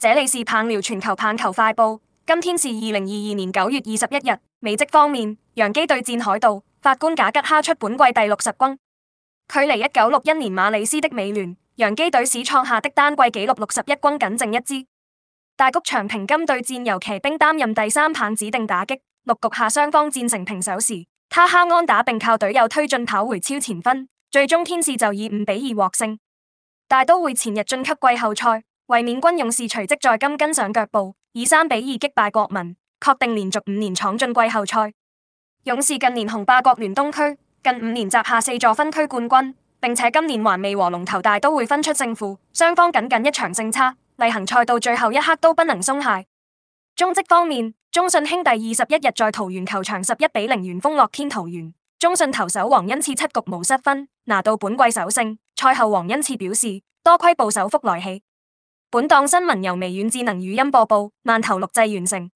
這裡是棒聊全球棒球快報，今天是二零二二年九月二十一日。美職方面，洋基對戰海盜，法官賈吉敲出本季第六十轟。距離一九六一年馬里斯的美聯洋基隊史創下的單季紀錄六十一轟僅剩一支。大谷翔平今對戰遊騎兵擔任第三棒指定打擊，六局下雙方戰成平手時，他敲安打並靠隊友推進跑回超前分，最終天使就以五比二獲勝。大都會前日晉級季後賽。衛冕軍勇士隨即在金跟上腳步，以三比二擊敗國民，確定連續五年闖進季後賽。勇士近年雄霸國聯東區，近五年摘下四座分區冠軍，並且今年還未和龍頭大都會分出勝負，雙方僅僅一場勝差，例行賽到最後一刻都不能鬆懈。中職方面，中信兄弟二十一日在桃園球場十一比零完封樂天桃園，中信投手黃恩賜七局無失分，拿到本季首勝。賽後黃恩賜表示，多虧捕手福來氣。本檔新聞由微軟智能語音播報，萬頭錄製完成。